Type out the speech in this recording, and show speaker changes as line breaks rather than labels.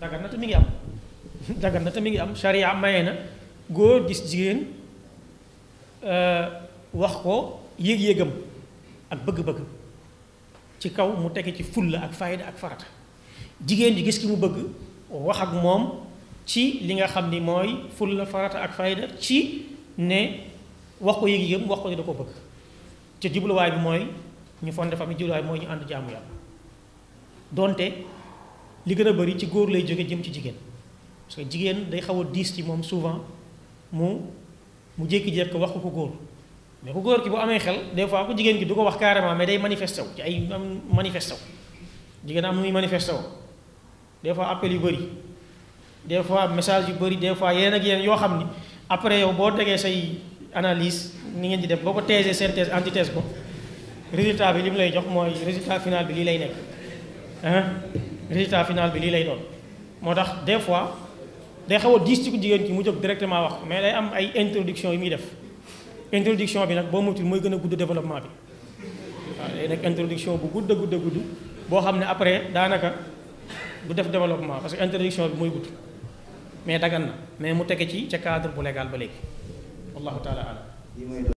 dagan na te mi ngi am dagan na te mi ngi am charia maye na góor gis jigéen euh, wax ko yëg-yëgam ak bëgg-bëgg ci kaw mu tege ci fulla ak fayda ak farata jigéen ji gis ki mu bëgg wax ak moom ci li nga xam ni mooy fulla farata ak fayda ci ne wax ko yëg-yëgam wax ko ne da koo bëgg te jubluwaay bi mooy ñu fonde famille jubluwaay bi mooy ñu ànd jaamu yàlla donte li gën a bëri ci góor lay jóge jëm ci jigéen parce que jigéen day xaw a diis ci moom souvent mu mu jékki-jékki wax ku ko góor mais ku góor ki bu amee xel des fois ku jigéen ki du ko wax carrément mais day manifesté wu ci ay manifesté wu jigéen am nu muy manifesté wu des fois appel yu bëri des fois message yu bëri des fois yeneen ak yeneen yoo xam ni après yow boo tegee say analyse ni ngeen di def boo ko thèse synthèse antithèse ko résultat bi li mu lay jox moo résultat final bi lii lay nekk résultat final bi lii lay doon moo tax des fois day xaw a diis ci ku jigéen ki mu jóg directement wax mais day am ay introduction yi muy def introduction bi nag boo moytul mooy gën a gudd développement bi waaw léegi nag introduction bu gudd a gudd a gudd boo xam ne après daanaka du def développement parce que introduction bi mooy gudd mais dagan na mais mu tege ci ca cadre bu légal ba léegi wallahu taala alam